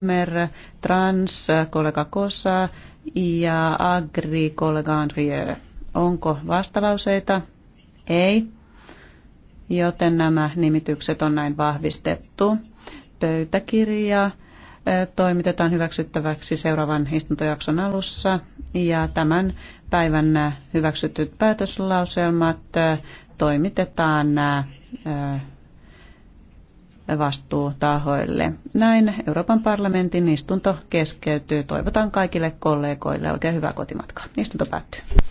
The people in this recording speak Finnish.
Mer, Trans, kollega Kosa ja Agri, kollega Andrieu. Onko vastalauseita? Ei. Joten nämä nimitykset on näin vahvistettu. Pöytäkirja eh, toimitetaan hyväksyttäväksi seuraavan istuntojakson alussa ja tämän päivän eh, hyväksytyt päätöslauselmat eh, toimitetaan vastuutahoille. Näin Euroopan parlamentin istunto keskeytyy. Toivotan kaikille kollegoille oikein hyvää kotimatkaa. Istunto päättyy.